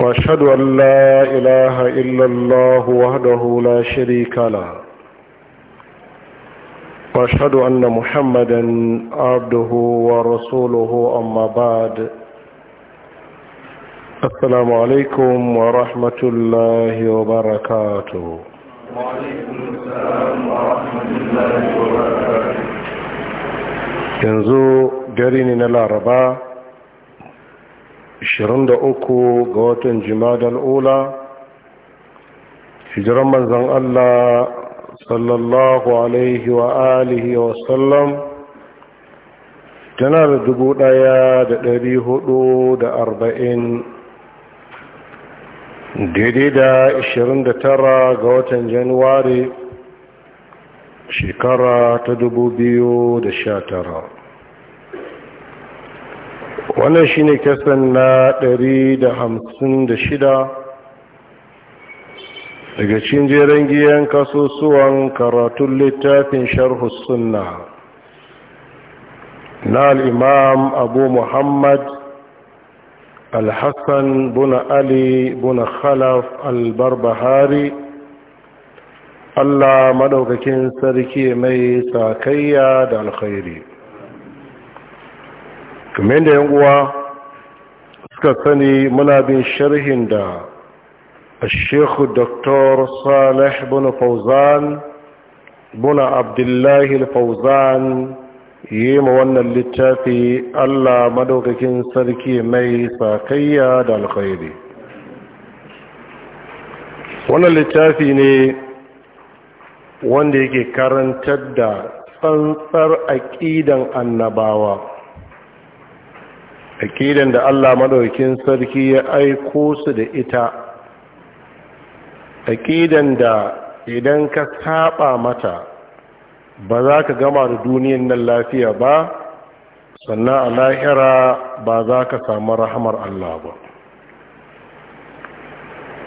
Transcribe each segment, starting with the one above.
واشهد ان لا اله الا الله وحده لا شريك له واشهد ان محمدا عبده ورسوله اما بعد السلام عليكم ورحمه الله وبركاته وعليكم السلام ورحمه الله وبركاته 23 ga watan jimadar ola hijiran manzan Allah sallallahu alaihi wa alihi wa sallam tana da dubu ɗaya da dari hudu da arba'in daidai da ishirin da tara ga watan januwari shekara ta dubu biyu da sha tara wannan ne kasan na 156 daga cikin jeren giyan kasusuwan karatun littafin sharhu sunna na al'imam abu muhammad alhassan buna ali buna khalaf albarbahari allah maɗaukakin sarki mai sakayya da alkhairi kamar da yan uwa suka sani muna bin sharhin da الشيخ الدكتور صالح بن فوزان بن Abdullahi fauzan yi ma wannan littafi Allah madaukakin sarki mai sakayya da alkhairi wannan littafi ne wanda yake karantar da tsantsar ƙidan annabawa aƙidan da Allah maɗaukin sarki ya aiko su da ita aƙidan da idan ka saba mata ba za ka gama da duniyar nan lafiya ba sannan a lahira ba za ka samu rahamar Allah ba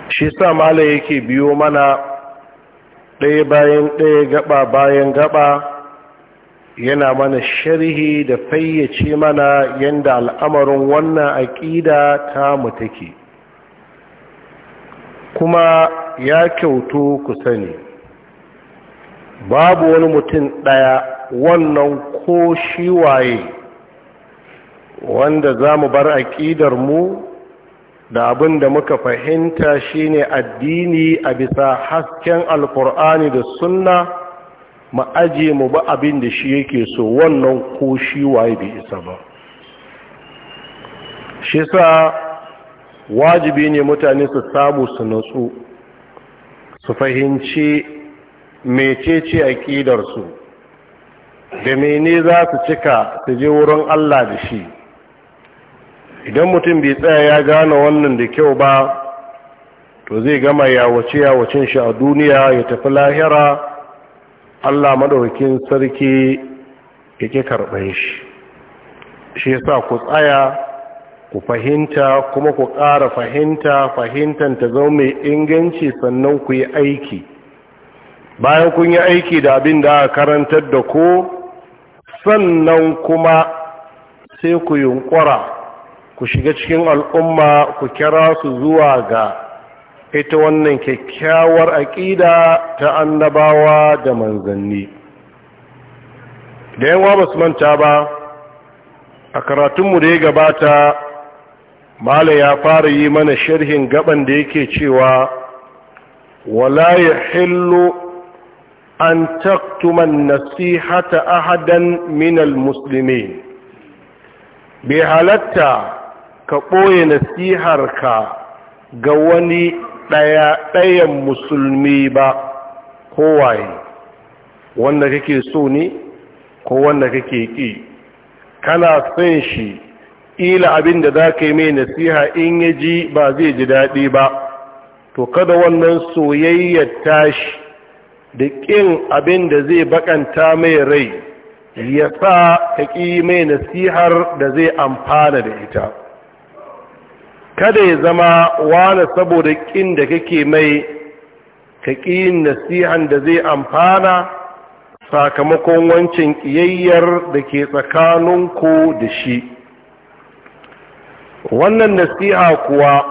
shi sa mala yake biyo mana ɗaya bayan ɗaya gaba bayan gaba yana mana sharhi da fayyace mana yanda al'amarin wannan aƙida ta mu take kuma ya kyautu ku sani babu wani mutum ɗaya wannan ko shi waye wanda za mu bar aƙidar mu da abin da muka fahimta shine addini a bisa hasken alkur'ani da sunna Ma ajiye mu ba abin da shi yake so wannan ko shi waye bai isa ba shi sa wajibi ne mutane su samu su natsu su fahimci mecece su. da mene za su cika su je wurin Allah da shi idan mutum bai tsaya ya gane wannan da kyau ba to zai gama yawace yawacin shi a duniya ya tafi lahira Allah madaukakin sarki yake karɓar shi shi yasa ku tsaya ku fahimta kuma ku ƙara fahimta fahimtan ta zama mai inganci sannan ku yi aiki bayan kun yi aiki da abin da aka karantar da ku sannan kuma sai ku yunkura ku shiga cikin al'umma ku kira su zuwa ga ita wannan kyakkyawar aƙida ta annabawa da manzanni da yawa ba su manta ba a karatunmu da ya gabata mala ya fara yi mana sharhin gaban da yake cewa wala ya hillu an taktuman nasihata ahadan minal musulmi bai halatta ka ɓoye nasiharka ga wani ɗaya ɗayan musulmi ba kowaye wanda kake so ne ko wanda kake ƙi kana son shi ƙila abin da za ka yi mai nasiha in ya ji ba zai ji daɗi ba to kada wannan soyayyar tashi da ƙin abin da zai bakanta mai rai ya sa ka ƙi mai nasihar da zai amfana da ita kada ya zama wani saboda ƙin da kake mai ka ƙin nasihan da zai amfana sakamakon wancan ƙiyayyar da ke tsakaninku da shi wannan nasiha kuwa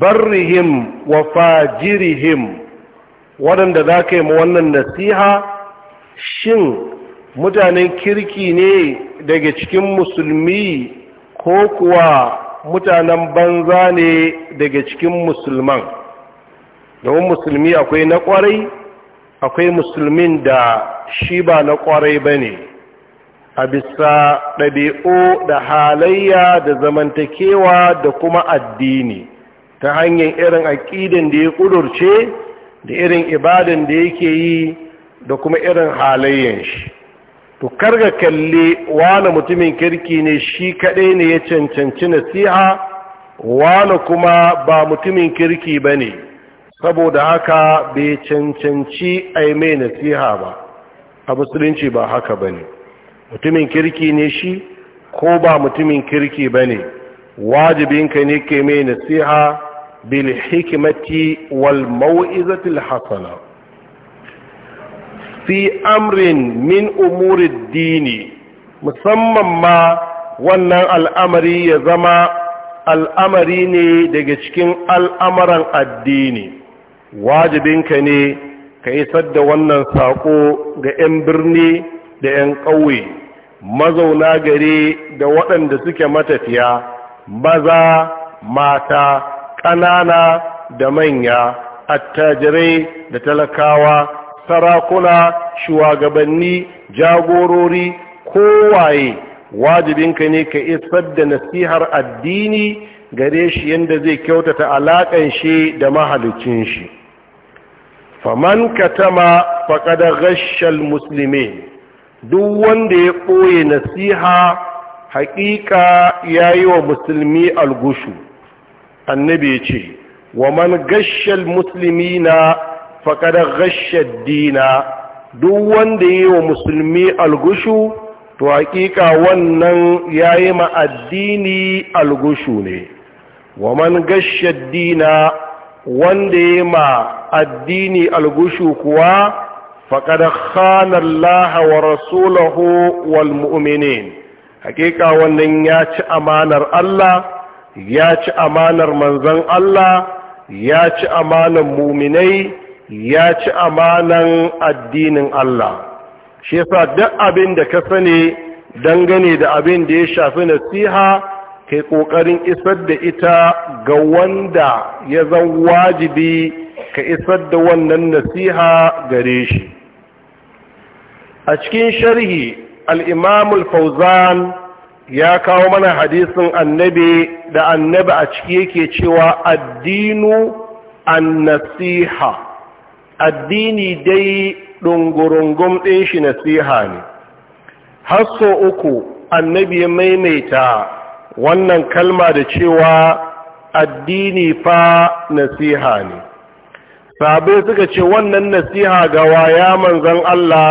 barrihim wa fajirihim waɗanda za ka yi ma wannan nasiha shin mutanen kirki ne daga cikin musulmi ko kuwa mutanen banza ne daga cikin musulman domin musulmi akwai na kwarai akwai musulmin da shi ba na kwarai ba ne a bisa ɗabi'u da halayya da zamantakewa da kuma addini ta hanyar irin aƙidan da ya ƙudurce da irin ibadan da yake yi da kuma irin halayen shi to karga kalli wane mutumin kirki ne shi kaɗai ne ya cancanci nasiha wane kuma ba mutumin kirki ba ne saboda haka bai cancanci a mai nasiha ba a musulunci ba haka ba ne mutumin kirki ne shi ko ba mutumin kirki ba ne wajibinka ne ke mai nasiha bil hikimati wal mau'izatil hasana fi amrin min umurid dini musamman ma wannan al'amari ya zama al'amari ne daga cikin al'amaran addini wajibinka ne ka isar da wannan saƙo ga 'yan birni da 'yan ƙauye mazauna gare da waɗanda suke matafiya maza mata ƙanana da manya attajirai da talakawa sarakuna shugabanni jagorori kowaye wajibinka ne ka isar da nasihar addini gare shi yadda zai kyautata alaƙan shi da mahalicin shi faman katama faƙada rashal musulmi duk wanda ya ɓoye nasiha haƙiƙa ya yi wa musulmi algushu annabi ce wa man gashal musulmi na faƙad ghashya dina duk wanda yi wa musulmi algushu to hakika wannan yayi ma addini algushu ne wa man ghashya dina wanda yi ma addini algushu kuwa faƙad khana Allah wa rasulahu wal mu'minin hakika wannan ya ci amanar Allah ya ci amanar manzon Allah ya ci amanar muminai ya ci amanan addinin Allah shi yasa duk abin da ka sani dangane da abin da ya shafi nasiha kai kokarin isar da ita ga wanda ya zan wajibi ka isar da wannan nasiha gare shi a cikin sharhi al’imam fauzan ya kawo mana hadisin annabi da annabi a ciki yake cewa addinu an nasiha addini dai ɗungurungun ɗin shi nasiha ne hasso uku annabi ya maimaita wannan kalma da cewa addini fa nasiha ne sabai suka ce wannan nasiha ga waya manzan Allah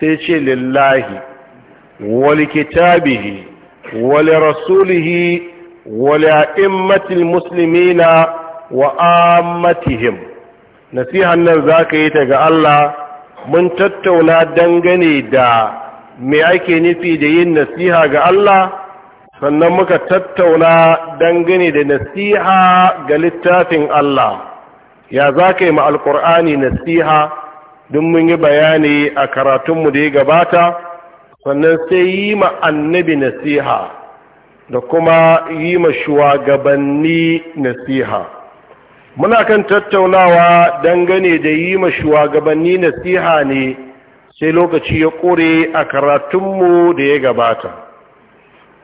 sai ce lillahi wali kitabihi wali rasulihi wali a'immatil muslimina wa ammatihim nasihan nan za ka yi ta ga Allah mun tattauna dangane da me ake nufi da yin nasiha ga Allah sannan muka tattauna dangane da nasiha ga littafin Allah ya za ka yi ma'alƙur'ani nasiha don mun yi bayani a karatunmu da ya gabata sannan sai yi ma annabi nasiha da kuma yi ma shugabanni nasiha muna kan tattaunawa dangane da yi ma shugabanni nasiha ne sai lokaci ya ƙure a karatunmu da ya gabata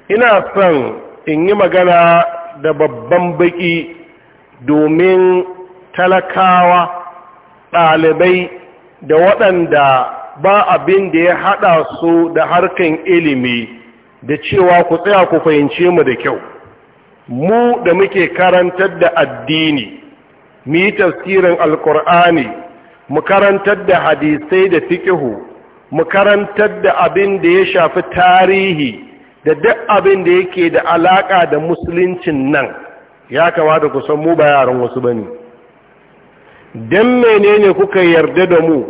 ina son in yi magana da babban baki domin talakawa ɗalibai da waɗanda ba abin da ya haɗa su da harkan ilimi da cewa ku tsaya ku fahimce mu da kyau mu da muke karantar da addini mu yi tafsirin alkur'ani mu karantar da hadisai da fikihu mu karantar da abin da ya shafi tarihi da duk abin da yake da alaka da musuluncin nan ya kamata ku san mu ba yaran wasu bane dan menene kuka yarda da mu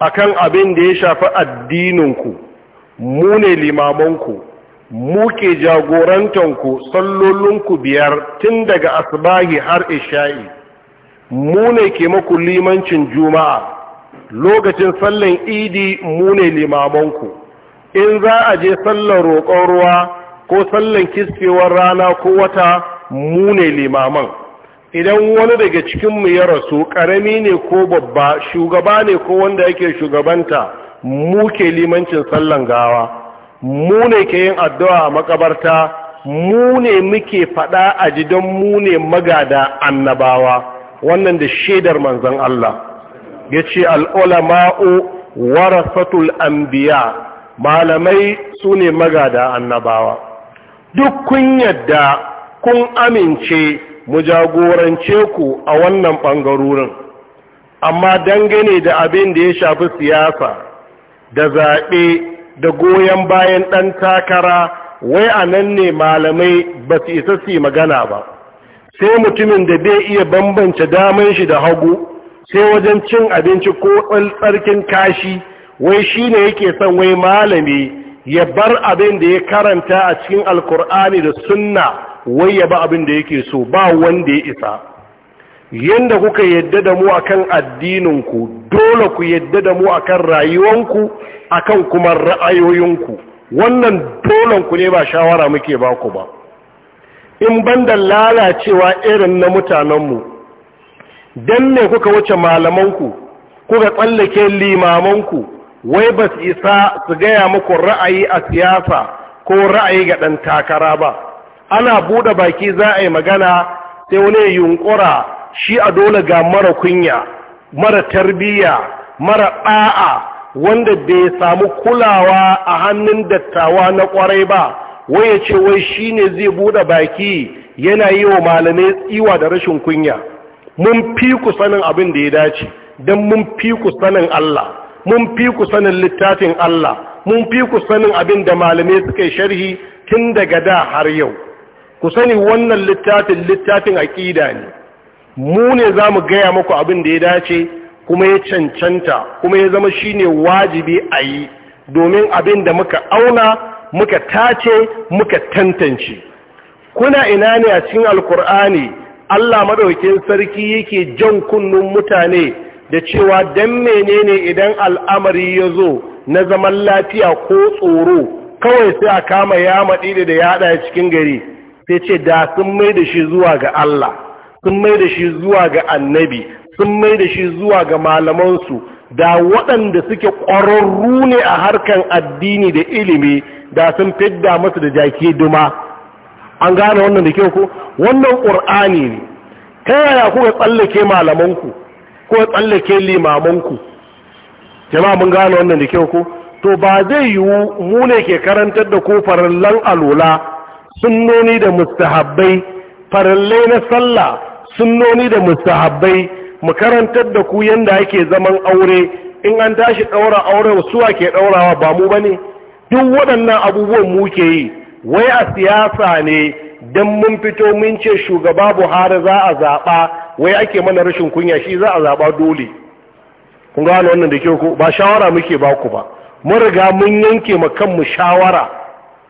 akan abin da ya shafi addininku mu ne limamanku mu ke jagorantanku sallolinku biyar tun daga asbahi har isha'i mu ne ke maku limancin juma'a lokacin sallan idi mu ne limamanku in za a je sallan roƙon ruwa ko sallan kiskewar rana ko wata mu ne limaman idan wani daga cikinmu ya rasu ƙarami ne ko babba shugaba ne ko wanda yake shugabanta mu ke limancin sallan gawa mu ne ke yin addu'a a makabarta mu ne muke faɗa a ji don mu ne magada annabawa wannan da shaidar manzan Allah yace al-ulama'u warasatul ambiya malamai su ne magada annabawa duk kun yadda kun amince mu jagorance ku a wannan ɓangarorin, amma dangane da abin da ya shafi siyasa da zaɓe da goyon bayan ɗan takara wai a nan ne malamai ba su isa su magana ba sai mutumin da bai iya bambance daman shi da hagu sai wajen cin abinci ko tsarkin kashi wai shine yake son wai malami ya bar abin da ya karanta a cikin alkur'ani da sunna wai ya ba abin da yake so ba wanda ya isa Yadda kuka yadda da mu akan addininku dole ku yadda da mu akan rayuwanku akan kuma ra'ayoyinku wannan dolen ku ne ba shawara muke ba ku ba in banda lalacewa irin na mutanenmu don ne kuka wuce malamanku kuka tsallake limamanku wai ba su isa su gaya muku ra'ayi a siyasa ko ra'ayi ga ɗan takara ba ana buɗe baki za a yi magana sai wani yunkura shi a dole ga mara kunya mara tarbiyya mara ɗa'a wanda bai samu kulawa a hannun dattawa na ƙwarai ba wai ya ce wai shi ne zai bude baki yana yi wa malamai tsiwa da rashin kunya mun fi ku sanin abin da ya dace don mun fi ku sanin Allah mun fi ku sanin littafin Allah mun fi ku sanin abin da malamai suka yi sharhi tun daga da har yau ku sani wannan littafin littafin aƙida ne mu ne za mu gaya muku abin da ya dace kuma ya cancanta kuma ya zama shine wajibi a yi domin abin da muka auna muka tace muka tantance kuna ina ne a cikin alkur'ani Allah madaukakin sarki yake jan kunnun mutane da cewa dan menene idan al'amari ya zo na zaman lafiya ko tsoro kawai sai a kama ya yamaɗi da yaɗa cikin gari sai ce da sun mai da shi zuwa ga Allah sun mai da shi zuwa ga annabi sun mai da shi zuwa ga malamansu da waɗanda suke ƙwararru ne a harkan addini da ilimi da sun fidda masu da jaki duma an gane wannan da kyau ko wannan ƙur'ani ne ta yaya kuka tsallake malamanku ko tsallake limamanku jama'a mun gane wannan da kyau ko to ba zai yiwu mu ne ke karantar da ku farallan alola sunnoni da mustahabbai farallai na sallah sunnoni da mustahabbai mu karantar da ku yanda ake zaman aure in an tashi ɗaura aure suwa ke ɗaurawa ba mu bane duk waɗannan abubuwan muke yi wai a siyasa ne don mun fito mun ce shugaba buhari za a zaɓa wai ake mana rashin kunya shi za a zaɓa dole kun gano wannan da kyau ku, ba shawara muke ba ku ba mun riga mun yanke ma kanmu shawara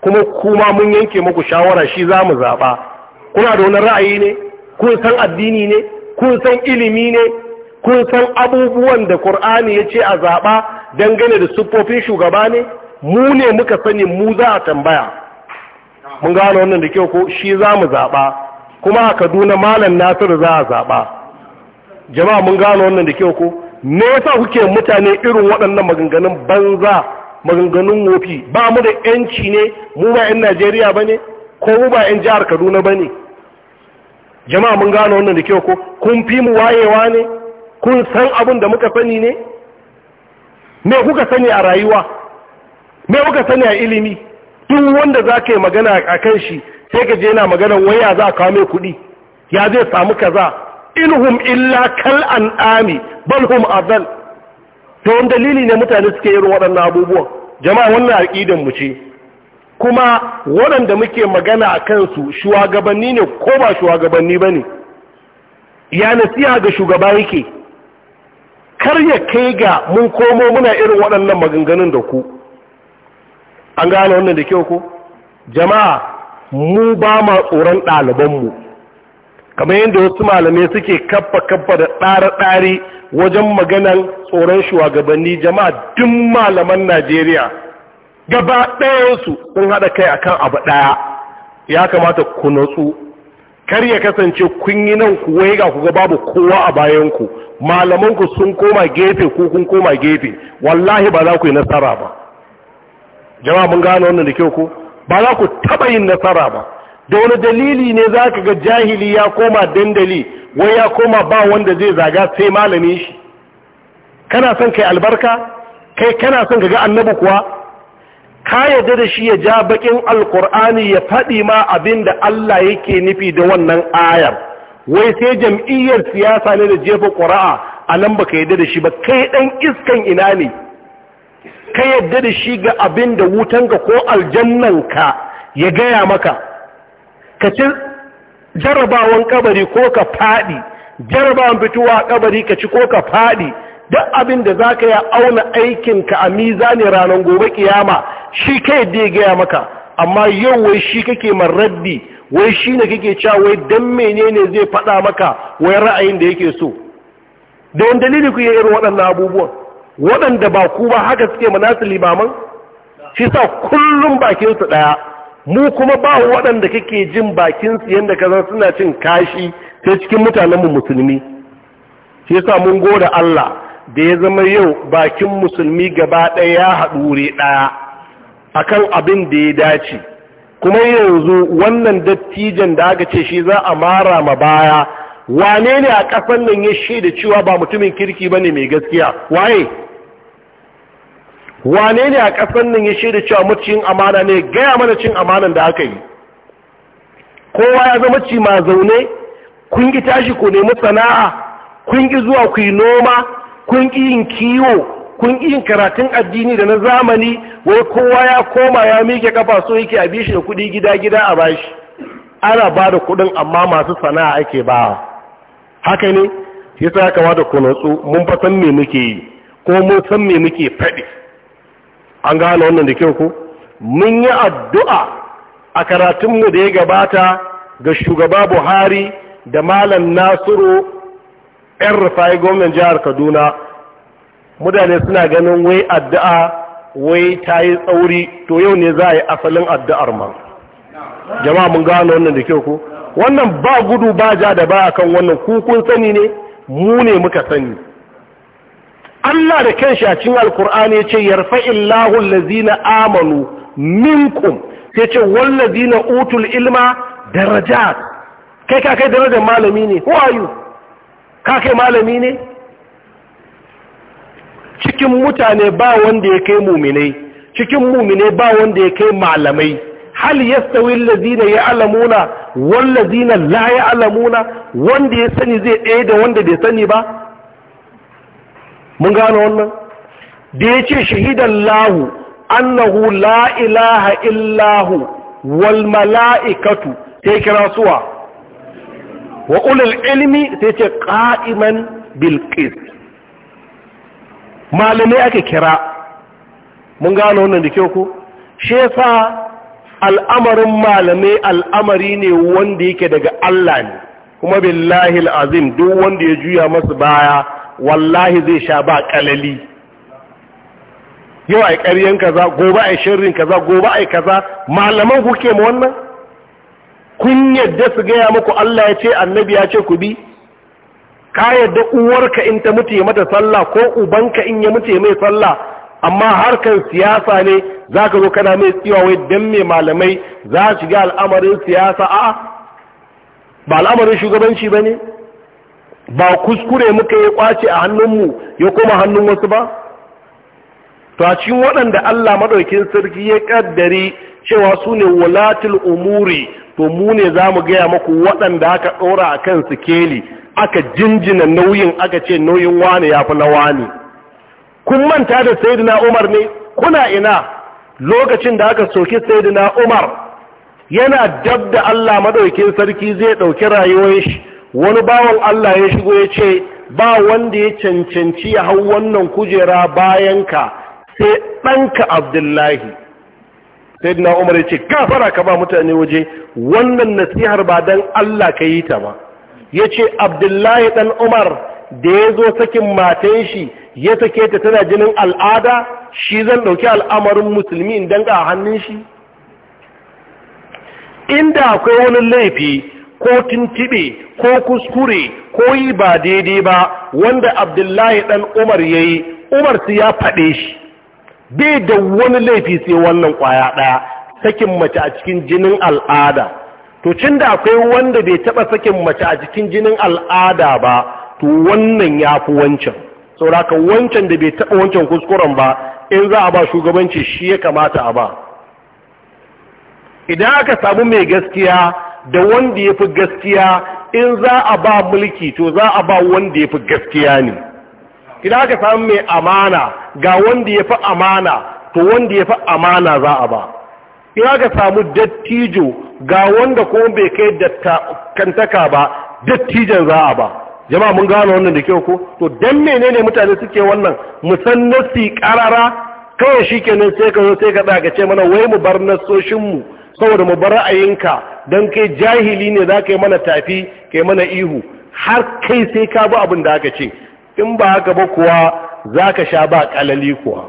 kuma kuma mun yanke muku shawara shi za mu zaɓa kuna da wani ra'ayi ne kun san addini ne kun san ilimi ne kun san abubuwan da Kur'ani ya ce a zaɓa dangane da siffofin shugaba ne mu ne muka sani mu za a tambaya mun gano wannan da kyau ko shi za mu zaɓa kuma a kaduna malam nasiru za a zaɓa jama'a mun gano wannan da kyau ko me yasa kuke mutane irin waɗannan maganganun banza maganganun wofi ba mu da yanci ne mu ba yan najeriya ba ne ko mu ba yan jihar kaduna ba ne jama'a mun gano wannan da kyau ko kun fi mu wayewa ne kun san abin da muka sani ne me kuka sani a rayuwa me muka sani a ilimi duk wanda za ka yi magana a kan shi sai ka je yana magana waya za a kawo mai kuɗi ya zai samu kaza inhum illa kal an'ami bal hum azal to wani dalili ne mutane suke yin waɗannan abubuwa jama'a wannan aqidan mu ce kuma waɗanda muke magana a kansu shugabanni ne ko ba shugabanni bane ya nasiha ga shugaba yake kar ya kai ga mun komo muna irin waɗannan maganganun da ku an gane wannan da kyau ko jama'a mu ba ma tsoron ɗalibanmu kamar yadda wasu malamai suke kaffa kaffa da tsare tsare wajen maganan tsoron shugabanni jama'a duk malaman najeriya gaba ɗayansu sun haɗa kai akan abu ɗaya ya kamata ku natsu kar ya kasance kun yi nan ku wai ga ku ga babu kowa a bayanku malamanku sun koma gefe ko kun koma gefe wallahi ba za ku yi nasara ba jama'a mun gano wannan da kyau ko ba za ku taɓa yin nasara ba da wani dalili ne za ka ga jahili ya koma dandali wai ya koma ba wanda zai zaga sai malami shi kana son kai albarka kai kana son ka ga annabi kuwa ka yadda da shi ya ja bakin alkur'ani ya faɗi ma abin da Allah yake nufi da wannan ayar wai sai jam'iyyar siyasa ne da jefa ƙura'a a nan baka yarda da shi ba kai ɗan iskan ina ne ka yadda da shi ga abin da wutanka ko aljannan ka ya gaya maka ka ci jarabawan kabari ko ka faɗi jarabawan fitowa kabari ka ci ko ka faɗi duk abin da za ka ya auna aikinka a miza ne ranar gobe kiyama shi ka yadda ya gaya maka amma yau wai shi kake marrabi wai shi ne kake cewa wai dan menene zai faɗa maka wai ra'ayin da yake so da wani dalili ku yi irin waɗannan abubuwan waɗanda ba ku ba haka suke manasu limaman shi sa kullum bakinsu ɗaya mu kuma ba waɗanda kake jin bakinsu yadda ka zan suna cin kashi ta cikin mutanenmu musulmi shi sa mun goda Allah da ya zama yau bakin musulmi gaba ɗaya ya haɗure ɗaya a kan abin da ya dace kuma yanzu wannan dattijan da aka ce shi za a mara ma baya wane ne a ƙasar nan ya shaida cewa ba mutumin kirki ba ne mai gaskiya waye wane ne a ƙasar nan ya shaida cewa maciyin amana ne gaya mana cin amanan da aka yi kowa ya zama ci ma zaune kun ki tashi ku nemi sana'a kun ki zuwa ku yi noma kun ki yin kiwo kun ki yin karatun addini da na zamani wai kowa ya koma ya mike kafa so yake a bishi da kuɗi gida gida a bashi ana ba da kuɗin amma masu sana'a ake ba haka ne yasa ya kamata ku natsu mun fa san me muke yi ko mun san me muke faɗi an gane wannan da kyau ku mun yi addu'a a karatunmu da ya gabata ga shugaba buhari da malam nasiru yan rufai gwamnan jihar kaduna mutane suna ganin wai addu'a wai ta yi tsauri to yau ne za a yi asalin addu'ar ma jama'a mun gano wannan da kyau ku wannan ba gudu ba ja da ba akan wannan kukun sani ne mu ne muka sani Allah da kanshi a cikin alkur'ani yace yarfa'illahu allazina amanu minkum yace wallazina utul ilma darajat kai ka kai darajar malami ne who are you ka malami ne cikin mutane ba wanda ya kai muminai cikin muminai ba wanda ya kai malamai hal yastawi allazina ya'lamuna wallazina la ya'lamuna wanda ya sani zai ɗaya da wanda bai sani ba mun gano wannan da ya ce shahidan lahu annahu la ilaha illahu wal mala'ikatu sai kira suwa wa ƙulil ilmi sai ce ƙa'iman bilkis malamai ake kira mun gano wannan da kyau ku. shefa al'amarin malamai al'amari ne wanda yake daga Allah ne kuma billahi azim duk wanda ya juya masu baya wallahi zai sha ba kalali yau a ƙaryen kaza gobe a shirin kaza gobe a kaza malaman kuke ma wannan kun yadda su gaya muku Allah ya ce annabi ya ce ku bi ka yadda uwarka in ta mutu ya mata sallah ko ubanka in ya mutu ya mai sallah amma harkar siyasa ne za ka zo kana mai tsiwa wai don mai malamai za su shiga al'amarin siyasa a ba al'amarin shugabanci ba ne ba kuskure muka ya kwace a hannunmu ya kuma hannun wasu ba to a cikin waɗanda Allah maɗaukin sarki ya ƙaddare cewa su ne Walatul umuri to mu ne za mu gaya maku waɗanda aka ɗora a kan sikeli aka jinjina nauyin aka ce nauyin wani ya fi na wani. kun manta da sayidina umar ne kuna ina lokacin da aka soki sayidina umar yana dab da Allah maɗaukin sarki zai ɗauki rayuwar shi wani bawan Allah ya shigo ya ce ba wanda ya cancanci ya hau wannan kujera bayanka sai ɗanka abdullahi sai dina umar ya ce gafara ka ba mutane waje wannan nasihar ba don Allah ka yi ta ba ya ce abdullahi ɗan umar da ya zo sakin matan shi ya sake ta tana jinin al'ada shi zan ɗauki al'amarin musulmi in danga a hannun shi inda akwai wani laifi ko tintibe ko kuskure ko yi ba daidai ba wanda abdullahi dan umar ya yi umar su ya faɗe shi bai da wani laifi sai wannan kwaya ɗaya sakin mace a cikin jinin al'ada to cin da akwai wanda bai taɓa sakin mace a cikin jinin al'ada ba to wannan ya fi wancan sauraka wancan da bai taɓa wancan kuskuren ba in za a ba shugabanci shi ya kamata a ba idan aka samu mai gaskiya da wanda ya fi gaskiya in za a ba mulki to za a ba wanda ya fi gaskiya ne idan aka samu mai amana ga wanda ya fi amana to wanda ya fi amana za a ba idan aka samu dattijo ga wanda kuma bai kai dattakantaka ba dattijan za a ba jama'a mun gano wannan da kyau ko to dan menene mutane suke wannan musannasi karara kawai shi kenan sai ka zo sai ka ce mana wai mu bar nassoshin mu saboda mu bar ra'ayinka don kai jahili ne za ka yi mana tafi ka yi mana ihu har kai sai ka bi abin da aka ce in ba haka ba kuwa za ka sha ba kalali kuwa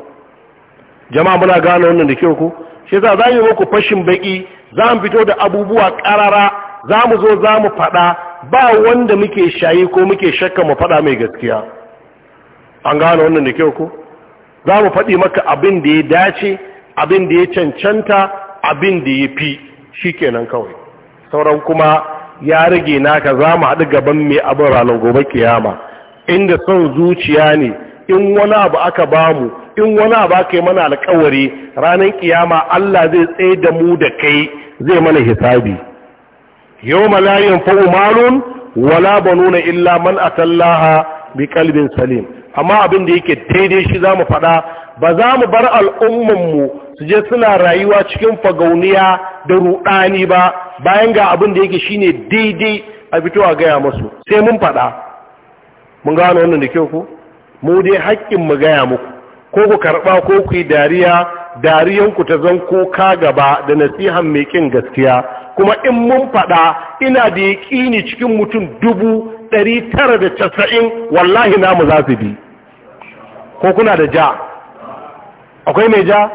jama'a muna gano wannan da kyau ku shi za mu muku fashin baki za mu fito da abubuwa karara za mu zo za mu faɗa ba wanda muke shayi ko muke shakka mu faɗa mai gaskiya an gano wannan da kyau ku za mu faɗi maka abin da ya dace abin da ya cancanta abin da ya fi shi kenan kawai sauran kuma ya rage naka za mu haɗu gaban mai abin ranar gobe kiyama inda son zuciya ne in wani abu aka bamu in wani abu aka yi mana alkawari ranar kiyama Allah zai tsaye da mu da kai zai mana hisabi yau malayin fa'u malun wala ba nuna illa man a atallaha bi kalbin salim amma abin da yake daidai shi za mu faɗa ba za mu bar al'ummanmu su je suna rayuwa cikin fagauniya da rudani ba bayan ga abin da yake shine daidai a fito a gaya masu sai mun faɗa mun gano wannan da kyau ko mu dai haƙƙin mu gaya muku ko ku karɓa ko ku yi dariya ku ta zan ka gaba da nasihan mai kin gaskiya kuma in mun faɗa ina da yaƙini cikin mutum dubu ɗari tara da casa'in wallahi namu za su bi ko kuna da ja akwai mai ja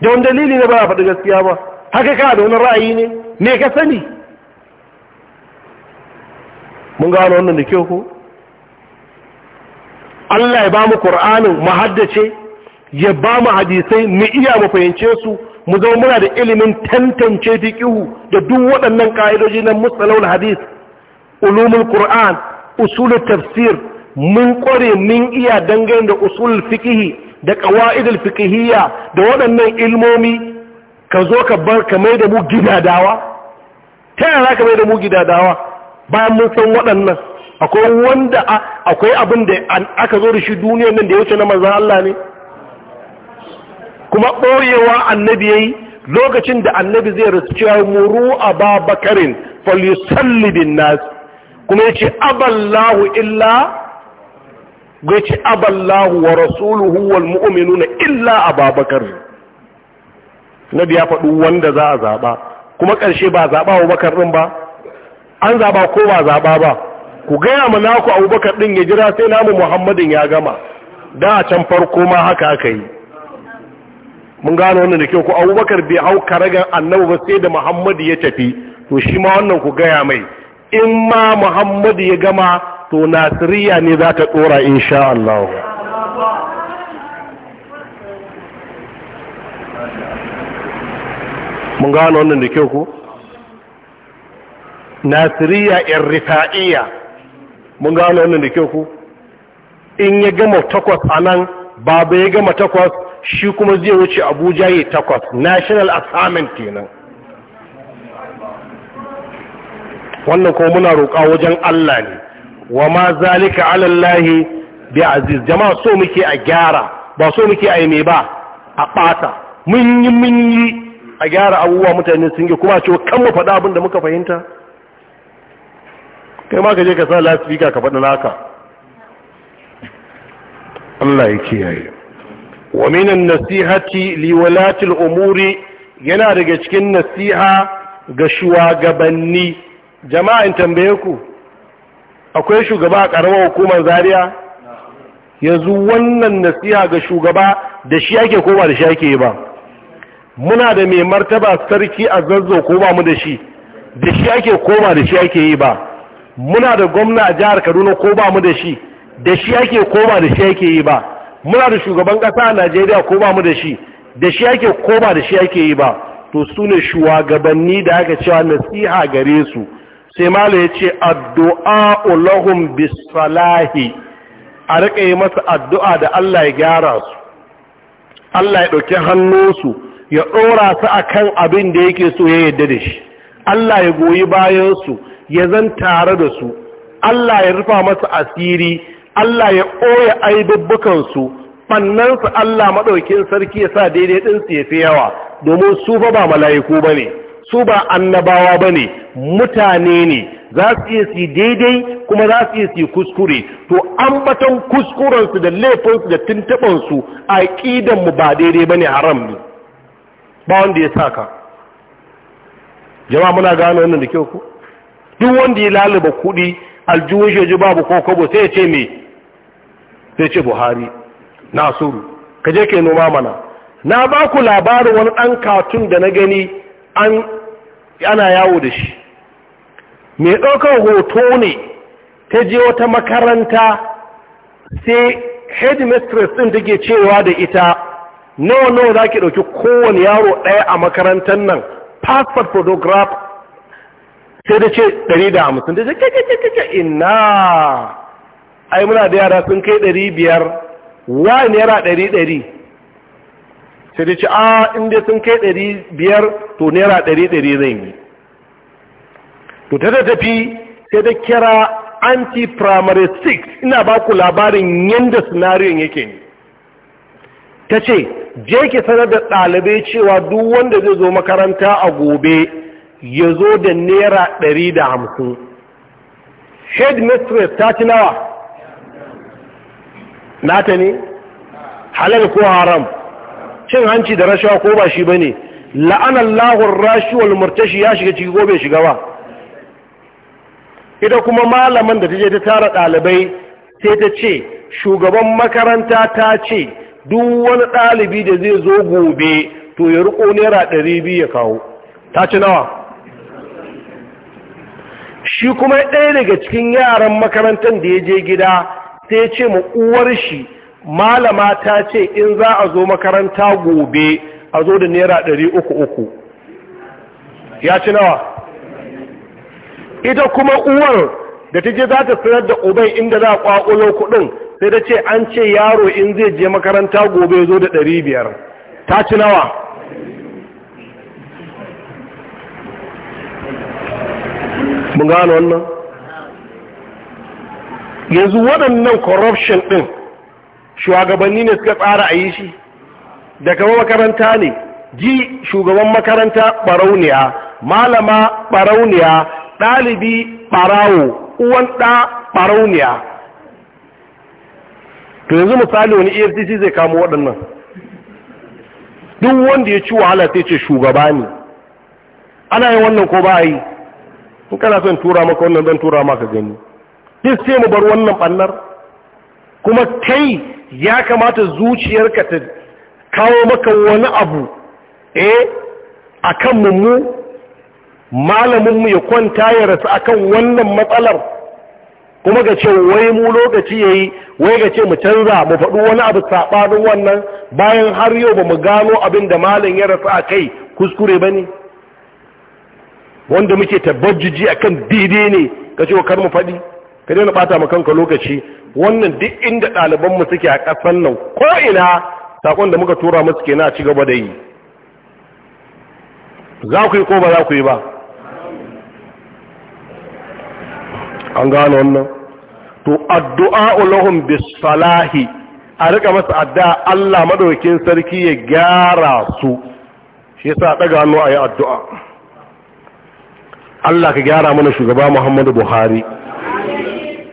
da wani dalili ne ba a faɗi gaskiya ba haka ka da wani ra'ayi ne me ka sani mun gano wannan da kyau ko Allah ya ba mu Qur'anin mu ya ba mu hadisai mu iya mu fahimce su mu zama muna da ilimin tantance fiƙihu da duk waɗannan ƙa'idoji na mustalahul hadis ulumul Qur'an usulul tafsir mun ƙware mun iya dangane da usulul fiqhi da qawaidul fiqhiyya da waɗannan ilmomi ka zo ka bar ka mai da mu gidadawa ta yaya ka mai da mu gidadawa bayan mun san waɗannan akwai wanda akwai abin da aka zo da shi duniyar nan da ya wuce na manzon Allah ne kuma ɓoyewa annabi ya yi lokacin da annabi zai rasu cewa muru ba bakarin bin nasu. kuma ya ce aballahu illa gaci aballahu wa rasuluhu wal mu'minuna illa ababakar nabi ya faɗi wanda za a zaɓa kuma ƙarshe ba zaɓa abubakar ɗin ba an zaɓa ko ba zaɓa ba ku gaya ma naku abubakar ɗin ya jira sai namu muhammadin ya gama da a can farko ma haka aka yi mun gano wannan da kyau ku abubakar bai hau karagan annabi ba sai da muhammadu ya tafi to shi ma wannan ku gaya mai in ma muhammadu ya gama to nasiriya ne za ta tsora insha Allah mun gano wannan da kyau ku? nasiriya rifa'iya, mun gano wannan da kyau ku? in ya gama takwas a nan babu ya gama takwas shi kuma zai wuce abuja ya takwas national assignment kenan wannan kuma muna roƙa wajen allah ne wa ma zalika alallahi bi aziz jama'a so muke a gyara ba so muke a yi mai ba a ɓata mun yi mun yi a gyara abubuwa mutane sun yi kuma ce kan mu faɗa abin da muka fahimta kai ma ka je ka sa lasifika ka faɗi naka Allah ya kiyaye wa an nasihati al umuri yana daga cikin nasiha ga shugabanni in tambaye ku akwai shugaba a ƙaramar hukumar zaria yanzu wannan nasiha ga shugaba da shi ake ko ba da shi ake yi ba muna da mai martaba sarki a zazzo ko ba mu da shi da shi ake ko ba da shi ake yi ba muna da gwamna a jihar kaduna ko ba mu da shi da shi ake ko ba da shi ake yi ba muna da shugaban ƙasa a najeriya ko ba mu da shi da shi ake ko ba da shi ake yi ba to su ne shugabanni da aka cewa nasiha gare su sai mala ya ce addu'a ulohun bisalahi a riƙa yi masa addu'a da Allah ya gyara su Allah ya ɗauki hannunsu ya ɗora su a kan abin da yake so ya yi da shi Allah ya goyi bayansu ya zan tare da su Allah ya rufa masa asiri Allah ya ɓoye aibubbukansu ɓannansu Allah maɗaukin sarki ya sa daidai ɗinsu ya fi yawa domin su ba ba mala'iku ba ne su ba annabawa ba ne mutane ne za su iya su daidai kuma za su iya su kuskure to ambaton kuskurensu da laifinsu da tuntuɓansu a ƙidanmu ba daidai ba ne haram ne ba wanda ya saka jama'a muna gano wannan da kyau ku duk wanda ya lalaba kuɗi aljuhun shi babu ko kobo sai ya ce me sai ce buhari nasiru ka je ke noma mana na ba ku labarin wani ɗan katun da na gani an ana yawo da shi mai ɗaukar hoto ne ta je wata makaranta sai headmistress ɗin take cewa da ita nawa nawa za ki ɗauki kowane yaro ɗaya a makarantar nan passport photograph sai da ce 150 da ce kekekeke ina ai muna da yara sun kai 500 wa naira 100 sai dai ci a ah, inda sun kai ɗari biyar to naira ɗari ɗari zan yi to ta tafi sai da kira anti-primary 6 ina ba ku labarin yadda sinariyon yake ne ta ce je ki sanar da ɗalibai cewa duk wanda zai zo makaranta a gobe ya zo da naira ɗari da hamsin headmistress ta ci nawa ta ne halal ko haram cin hanci da rashawa ko ba shi ba ne la'anar lahun rashuwar murtashi ya shiga ciki ko shiga ba ita kuma malaman da ta je ta tara ɗalibai sai ta ce shugaban makaranta ta ce duk wani ɗalibi da zai zo gobe to ya riko naira ɗari biyu ya kawo ta ci nawa shi kuma ɗaya daga cikin yaran makarantar da ya je gida sai ce ma uwar shi malama ta ce in za a zo makaranta gobe a zo da naira ɗari uku uku ya ci nawa ita kuma uwar da ta je za ta sanar da ubai inda za a kwakwalo kudin sai ta ce an ce yaro in zai je makaranta gobe zo da ɗari biyar ta ci nawa mun gano wannan yanzu waɗannan corruption ɗin shugabanni ne suka tsara a yi shi da kama makaranta ne ji shugaban makaranta barauniya malama barauniya ɗalibi barawo uwan ɗa barauniya to yanzu misali wani efcc zai kamo waɗannan duk wanda ya ci wahala sai ce shugaba ne ana yin wannan ko ba a yi in kana son tura maka wannan don tura maka gani duk sai mu bar wannan ɓannar kuma kai ya kamata zuciyarka ta kawo maka wani abu eh a kan mummu malaminmu ya kwanta ya rasu akan wannan matsalar kuma ga ce wai mu lokaci ya yi wai ga ce mu canza mu faɗi wani abu saɓanin wannan bayan har yau ba mu gano abin da malin ya rasu a kai kuskure ba ne wanda muke tabbajiji akan daidai ne ka ce wa kar mu faɗi ka daina bata ma kanka lokaci wannan duk inda ɗaliban mu suke a ƙasar nan ko'ina saƙon da muka tura musu ke na ci gaba da yi za ku yi ko ba za ku yi ba an gano wannan to addu'a ulahum bisalahi a rika masa addu'a Allah madaukakin sarki ya gyara su shi yasa daga hannu ayi addu'a Allah ka gyara mana shugaba Muhammadu Buhari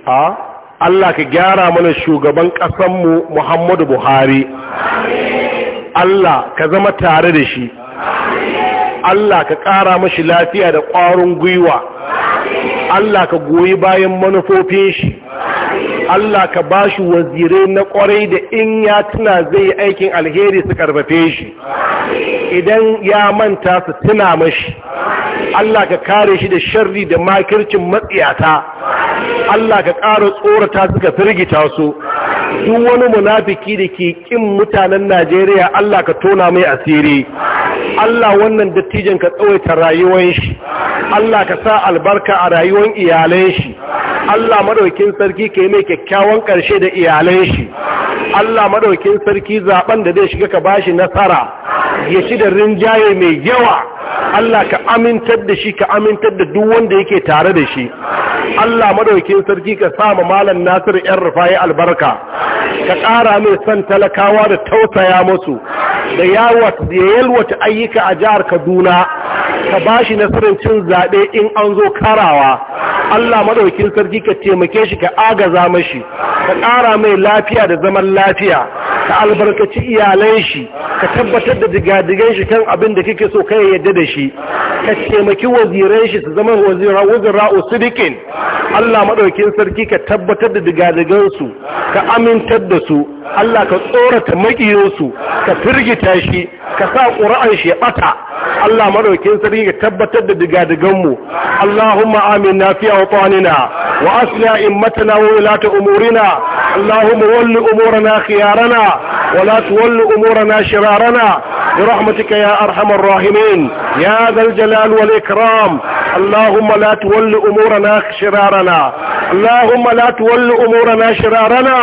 a Allah ka gyara mana shugaban ƙasanmu Muhammadu Buhari Allah ka zama tare da shi Allah ka ƙara mashi lafiya da ƙwarin gwiwa Allah ka goyi bayan manufofin shi Allah ka ba shi wazirai na ƙwarai da in ya tuna zai aikin alheri su karfafe shi idan ya manta su tuna mashi Allah ka kare shi da sharri da makircin matsiyata Allah ka ƙara tsorata suka firgita su duk wani munafiki da ke ƙin mutanen Najeriya Allah ka tona mai asiri Allah wannan dattijan ka tsawaita rayuwar shi Allah ka sa albarka a rayuwar iyalai shi Allah maɗaukin sarki ka yi mai kyakkyawan ƙarshe da iyalan shi Allah maɗaukin sarki zaɓen da zai shiga ka bashi nasara ya ci da rinjaye mai yawa Allah ka amintar da shi ka amintar da duk wanda yake tare da shi Allah madaukin sarki ka sa ma malam Nasir ƴan Rufai albarka ka ƙara mai son talakawa da tausaya musu da yawat da yalwata ayyuka a jihar Kaduna ka bashi nasirin cin zaɓe in an zo karawa Allah madaukin sarki ka taimake shi ka agaza mashi ka ƙara mai lafiya da zaman lafiya ka albarkaci iyalan shi ka tabbatar da digadigan shi kan abin da kake so kai yadda da shi ka taimaki waziran shi su zama wazira wazira usidikin Allah madaukin sarki ka tabbatar da digadigan su ka amintar da su Allah ka tsorata su ka firgita shi ka sa ƙura'an shi ɓata Allah maɗaukin sarki ka tabbatar da digadiganmu Allahumma amin na fiya wa tsanina wa asliya in matana wa wilata umurina Allahumma walli umurana khiyarana wa la tuwalli umurana shirarana برحمتك يا أرحم الراحمين يا ذا الجلال والإكرام اللهم لا تول أمورنا شرارنا اللهم لا تول أمورنا شرارنا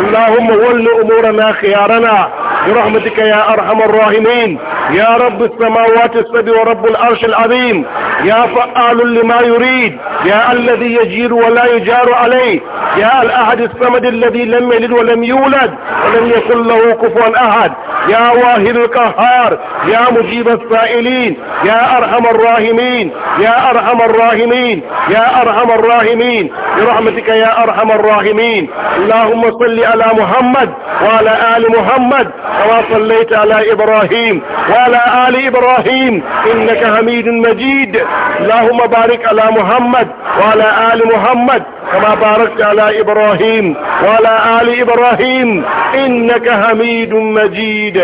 اللهم ول أمورنا خيارنا برحمتك يا أرحم الراحمين المؤمنين يا رب السماوات السبع ورب العرش العظيم يا فعال لما يريد يا الذي يجير ولا يجار عليه يا الأحد الصمد الذي لم يلد ولم يولد ولم يكن له كفوا أحد يا واهر القهار يا مجيب السائلين يا أرحم الراحمين يا أرحم الراحمين يا أرحم الراحمين برحمتك يا أرحم الراحمين اللهم صل على محمد وعلى آل محمد كما صليت على إبراهيم إبراهيم وعلى آل إبراهيم إنك حميد مجيد اللهم بارك على محمد وعلى آل محمد كما باركت على إبراهيم وعلى آل إبراهيم إنك حميد مجيد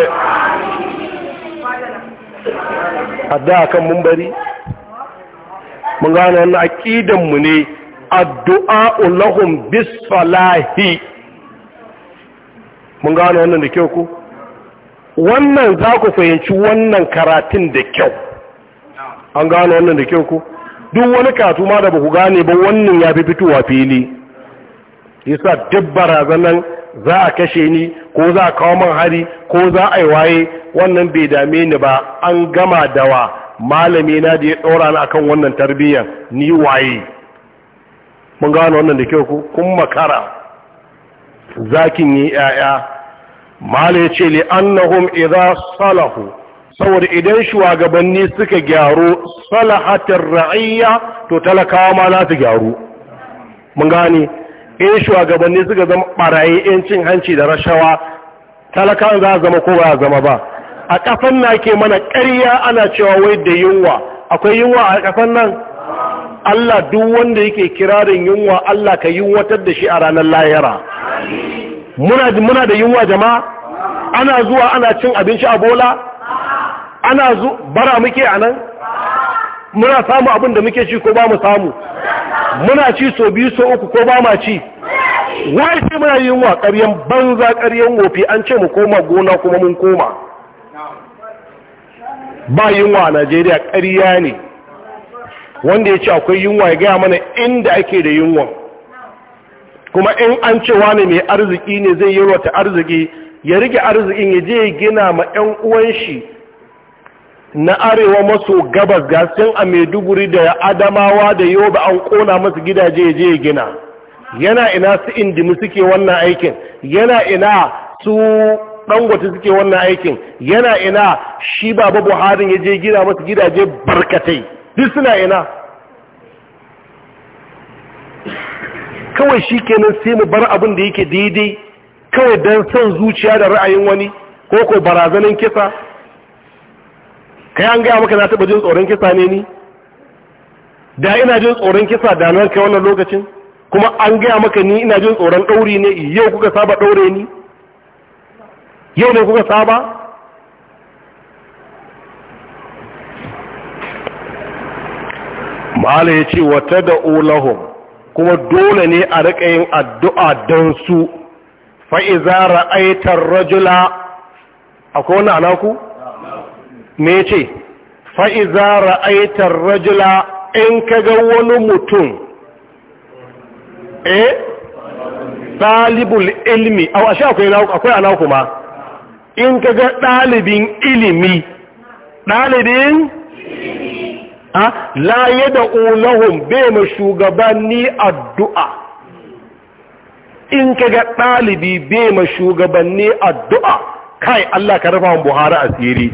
addu'a منبري من قال ان اكيد مني الدعاء لهم بالصلاه من قال ان mun wannan za ku fahimci wannan karatun da kyau an gano wannan da kyau ku duk wani katu ma da ba ku gane ba wannan ya fi fitowa fili yasa duk barazanan za a kashe ni ko za a kawo man hari ko za a yi waye wannan bai dame ni ba an gama dawa malami na da ya ɗora ni akan wannan tarbiyyar ni waye mun gano wannan da kyau ku kun makara zakin yi 'ya'ya mala ya ce li annahum idza salahu saboda idan shugabanni suka gyaru salahatir ra'ayya to talakawa ma za su gyaru mun gane in shugabanni suka zama barayi yancin hanci da rashawa talakawan za zama ko ba zama ba a kafan na ke mana ƙarya ana cewa wai da yunwa akwai yunwa a kafan nan Allah duk wanda yake kirarin yunwa Allah ka yunwatar da shi a ranar lahira muna muna da yunwa jama'a ana zuwa ana cin abinci a bola ana zu bara muke anan muna samu abin da muke ci ko ba mu samu muna ci so biyu so uku ko ba ma ci wai sai muna yunwa ƙaryen banza ƙaryen wofi an ce mu koma gona kuma mun koma ba yunwa a Najeriya ƙarya ne wanda ya ce akwai yunwa ya gaya mana inda ake da yunwan kuma in an ce wani mai arziki ne zai yi wata arziki ya rike arzikin ya je gina ma 'yan uwan shi na arewa maso gabas gasin a maiduguri da adamawa da yoba an kona masu gidaje ya je gina yana ina su indimi suke wannan aikin yana ina su dangote suke wannan aikin yana ina shi baba buharin ya je gina masu gidaje barkatai duk suna ina kawai shi kenan sai mu bar abin da yake daidai kawai don son zuciya da ra'ayin wani ko ko barazanin kisa kai an gaya maka na taɓa jin tsoron kisa ne ni da ina jin tsoron kisa da nan kai wannan lokacin kuma an gaya maka ni ina jin tsoron ɗauri ne yau kuka saba ɗaure ni yau ne kuka saba ma'ala ya ce wata da ulahum kuma dole ne a riƙa yin addu'a don su fa'iza ra'aitar rajula akwai wani anaku? me ce fa'iza ra'aitar rajula in ka ga wani mutum eh ɗalibul ilmi a washe akwai anaku ma in ka ga ɗalibin ilimi ɗalibin la yad'u lahum bai ma shugabanni addu'a in kaga ɗalibi bai ma shugabanni addu'a kai Allah ka rufa mu Buhari asiri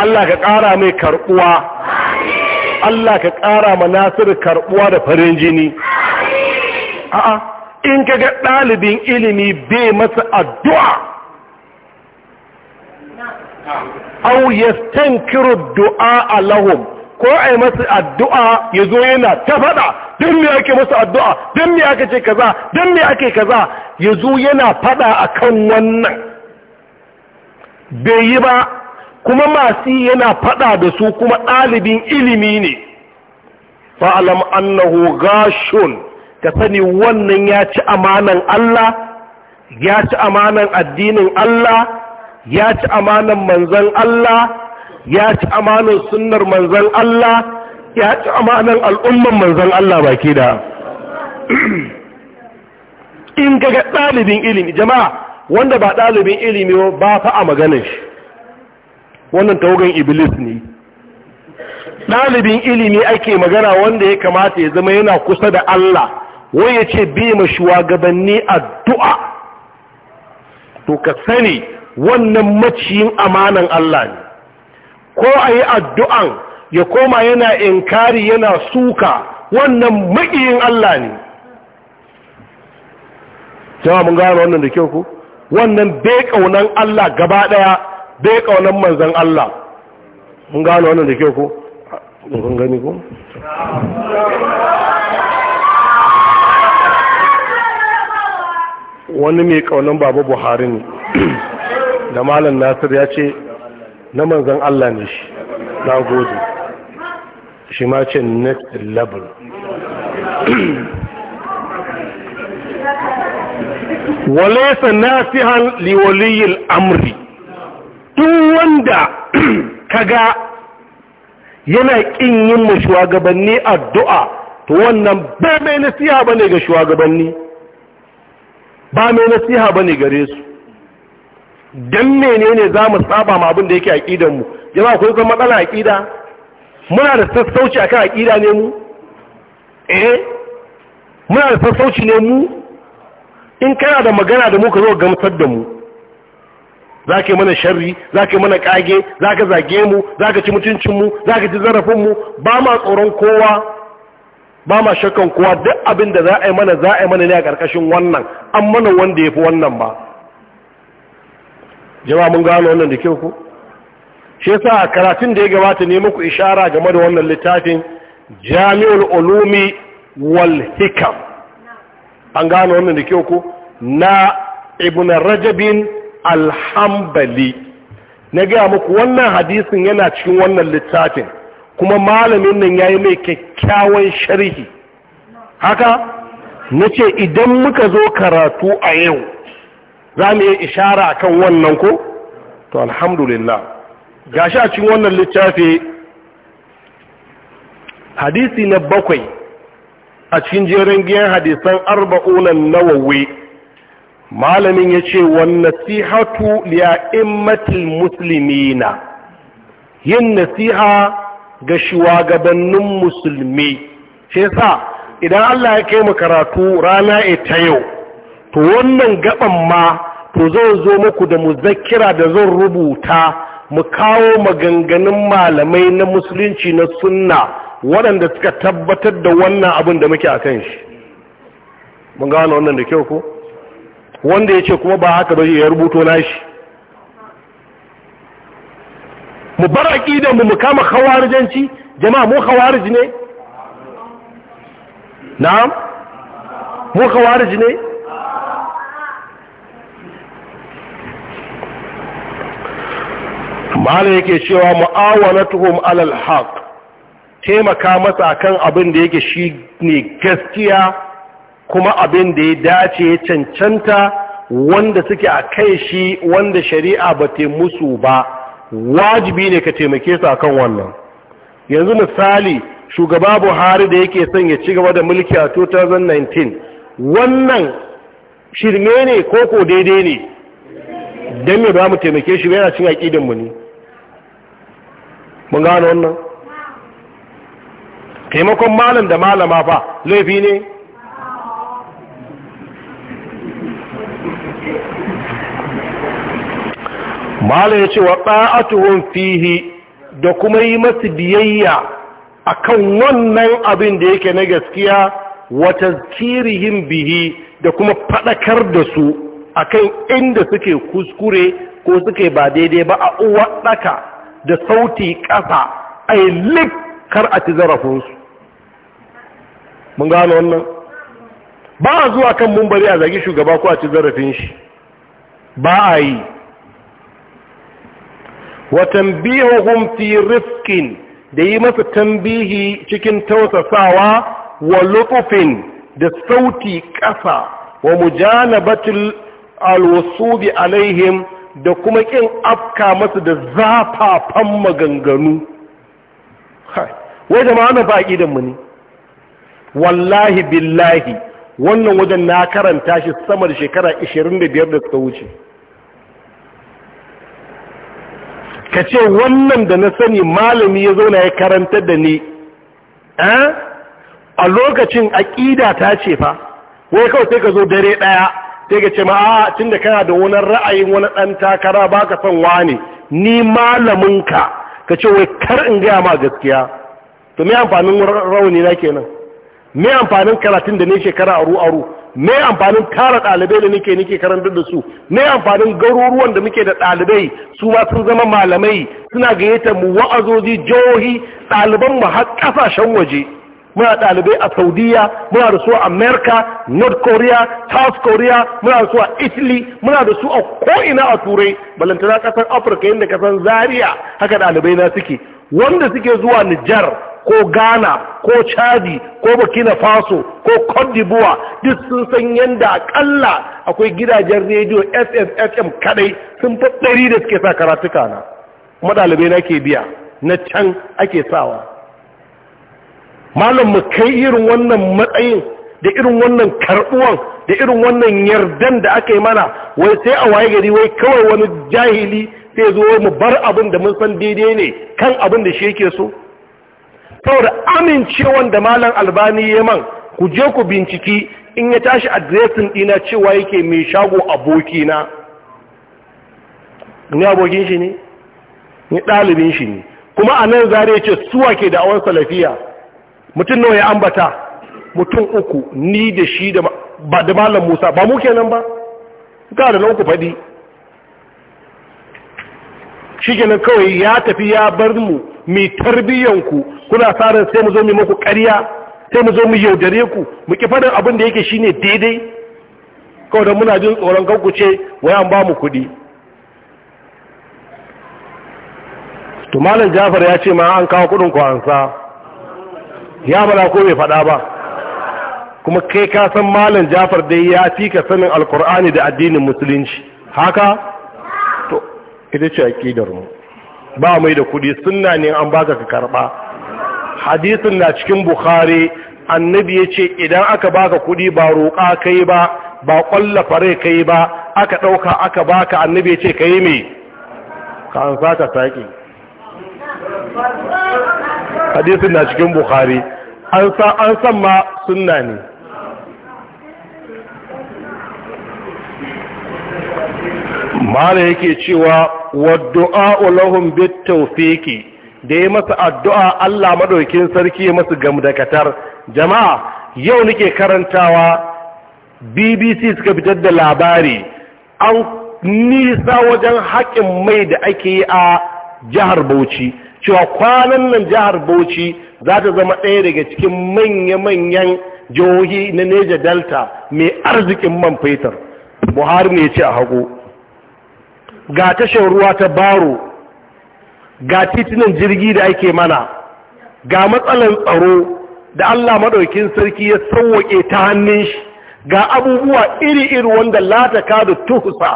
Allah ka ƙara mai karbuwa Allah ka ƙara ma Nasiru karbuwa da farin jini a'a in kaga ɗalibin ilimi bai masa addu'a aw yastankiru du'a lahum ko a yi masa addu'a ya zo yana ta faɗa don me ake masa addu'a don me aka ce kaza don me ake kaza ya zo yana faɗa a kan wannan bai yi ba kuma Masi yana faɗa da su kuma ɗalibin ilimi ne fa'alam annahu gashun ka sani wannan ya ci amanan Allah ya ci amanan addinin Allah ya ci amanan manzan Allah ya ci amanin sunnar manzan Allah ya ci amanin al'umman manzan Allah ke da in kaga ɗalibin ilimi jama'a wanda ba ɗalibin ilimi ba fa a magana shi wannan taugan iblis ne ɗalibin ilimi ake magana wanda ya kamata ya zama yana kusa da Allah wai ya ce bi ma shugabanni addu'a to ka sani wannan maciyin amanan Allah ne ko a yi addu'an ya koma yana inkari yana suka wannan maƙiyin Allah ne Jawa mun gano wannan da kyau ku wannan bai ƙaunan Allah gaba ɗaya bai ƙaunan manzan Allah mun gano wannan da kyau ku mun gani ku wani mai ƙaunan baba buhari ne da malam nasir ya ce na manzan Allah ne shi na gode shi ma ce next level fi han liwaliyyar amri Tun wanda kaga yana ƙin yi mu shugabanni addu'a to wannan ba mai nasiha bane ga shugabanni ba mai nasiha bane gare su dan menene za mu saba ma abin da yake aƙidan mu jama'a kun san matsala aƙida muna da sassauci a a aƙida ne mu eh muna da sassauci ne mu in kana da magana da mu ka zo gamsar da mu za ka yi mana sharri za ka yi mana ƙage, za ka zage mu za ka ci mutuncinmu za ka ci zarafinmu ba ma tsoron kowa ba ma shakkan kowa duk abin da za a yi mana za a yi mana ne a ƙarƙashin wannan an mana wanda ya fi wannan ba jama mun gano wannan da kyau ko shi yasa a karatun da ya gabata ne muku ishara game da wannan littafin jami'ul ulumi wal hikam an gano wannan da kyau ko na ibn rajabin alhambali na gaya muku wannan hadisin yana cikin wannan littafin kuma malamin nan ya yi mai kyakkyawan sharhi haka na ce idan muka zo karatu a yau za mu yi ishara a kan wannan ko to alhamdulillah gashi a cikin wannan littafi hadisi na bakwai a cikin jerin giyan hadisan arba'unan nawawi malamin ya ce wannan sihatu liya'immatil na? yin nasiha ga shugabannin musulmi shi sa idan Allah ya kai mu karatu rana ita yau to wannan gaban ma to zan zo muku da muzakkira da zan rubuta mu kawo maganganun malamai na musulunci na sunna waɗanda suka tabbatar da wannan abin da muke a kan shi mun gano wannan da kyau ko wanda ya ce kuma ba haka ba ya rubuto nashi mu bar aƙidan mu mu kama khawarijanci jama'a mu khawarij ne na'am mu khawarij ne malam yake cewa mu'awanatuhum alal haq taimaka masa kan abin da yake shi ne gaskiya kuma abin da ya dace ya cancanta wanda suke a kai shi wanda shari'a ba ta musu ba wajibi ne ka taimake su akan wannan yanzu misali shugaba buhari da yake son ya ci gaba da mulki a 2019 wannan shirme ne koko daidai ne don me ba mu taimake shi yana cin mu ne mun gano wannan taimakon malam da malama fa laifi ne malam ya ce wa ɗa'atuhun fihi da kuma yi masu biyayya a kan wannan abin da yake na gaskiya wata kirihin bihi da kuma faɗakar da su a kan inda suke kuskure ko suke ba daidai ba a waɗaka da sauti ƙasa a yi lik kar a ci zarafinsu mun gano wannan ba a zuwa kan mumbari a zagi shugaba ko a ci zarafin shi ba a yi watan bihohun fi rifkin da yi masa tambihi cikin tausasawa wa lutufin da sauti ƙasa wa mujanabatul alwasubi alaihim da kuma ƙin afka masu da zafafan maganganu wai jama'a na ba da mu ne wallahi billahi wannan wajen na karanta shi sama da shekara 25 da suka wuce ka ce wannan da na sani malami ya na ya karanta da ni a lokacin aƙida ta ce fa wai kawai sai ka zo dare ɗaya sai ga ce ma a tun da kana da wani ra'ayin wani ɗan takara ba ka son ne ni malaminka ka ce wai kar in gaya ma gaskiya to me amfanin rauni na kenan me amfanin karatun da ne shekara aru aru me amfanin tara ɗalibai da nake nake karantar da su mai amfanin garuruwan da muke da ɗalibai su ma sun zama malamai suna gayyatar mu wa'azoji jihohi ɗaliban mu har ƙasashen waje muna ɗalibai a saudiya muna da su a america north korea south korea muna da su a italy muna da su a ko'ina a turai balantana kasar afirka yadda kasar zaria haka ɗalibai na suke wanda suke zuwa nijar ko ghana ko chadi ko burkina faso ko cote d'ivoire duk sun san yadda akalla akwai gidajen rediyo ssfm kadai sun fi ɗari da suke sa karatuka na kuma ɗalibai na ke biya na can ake sawa malam mu kai irin wannan matsayin da irin wannan karbuwan da irin wannan yardan da aka yi mana wai sai a waye gari wai kawai wani jahili sai zo mu bar abin da mun san daidai ne kan abin da shi yake so saboda amincewan da malam albani ya man ku je ku binciki in ya tashi adresin dina cewa yake mai shago abokina ni abokin shi ne ni ɗalibin shi ne kuma a nan zare ce suwa ke da awon salafiya mutum nawa ya ambata mutum uku ni da shi da ba da malam Musa ba mu kenan ba ga da nan faɗi fadi shikenan kawai ya tafi ya bar mu mai tarbiyyanku kuna tsarin sai mu zo mu muku ƙarya sai mu zo mu yaudare ku mu ki faɗin abin da yake shine daidai kawai da muna jin tsoron kanku ce wai an ba mu kuɗi to malam jafar ya ce ma an kawo kuɗin ku an ya bala ko bai faɗa ba kuma kai ka san malam jafar dai ya fi ka sanin alkur'ani da addinin musulunci haka to ita ce aƙidar mu ba mai da kuɗi sunna ne an baka ka karɓa hadisin na cikin bukhari annabi ya ce idan aka baka kuɗi ba roƙa kai ba ba ƙwalla fare kai ba aka ɗauka aka baka annabi ya ce ka yi mai ka an saka saƙi hadisin na cikin bukhari an san ma sunna ne mala yake cewa wadda'a lahum bit da ya masa addu'a Allah madaukin sarki ya masa gamdakatar jama'a yau nake karantawa BBC suka fitar da labari an nisa wajen haƙin mai da ake yi a jihar Bauchi cewa kwanan nan jihar bauchi za ta zama ɗaya daga cikin manya-manyan jihohi na neja delta mai arzikin man fetur buhari ne ce a hagu ga tashar ruwa ta baro ga titunan jirgi da ake mana ga matsalan tsaro da allah maɗaukin sarki ya sauwaƙe ta hannun shi ga abubuwa iri-iri wanda lataka da tuhusa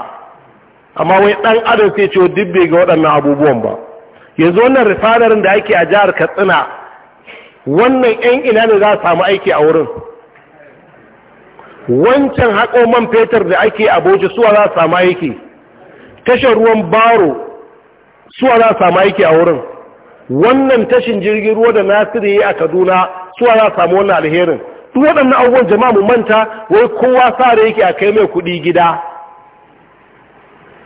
amma wai ɗan adam sai ce duk bai ga waɗannan abubuwan ba yanzu wannan rifanarin da ake a jihar katsina wannan 'yan ina ne za su samu aiki a wurin wancan haƙo man fetur da ake a boji suwa za su samu aiki tashar ruwan baro suwa za su samu aiki a wurin wannan tashin jirgin ruwa da nasiru ya yi a kaduna suwa za su samu wannan alherin duk waɗannan abubuwan jama'a mu manta wai kowa sa da yake a kai mai kuɗi gida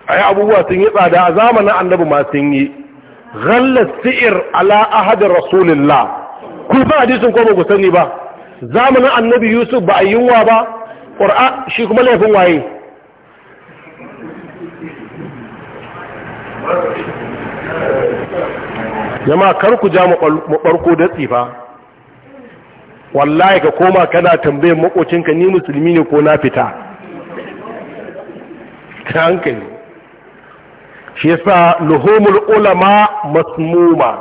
a yi abubuwa sun yi tsada a zamanin annabi ma sun yi ghalla si'ir ala ahad rasulillah ku ba hadisin ko ba ku sani ba zamanin annabi yusuf ba ayyunwa ba qur'an shi kuma laifin waye jama'a kar ku ja mu barko da tsifa wallahi ka koma kana tambayar makocinka ni musulmi ne ko na fita ta hankali shi yasa luhumul ulama masmuma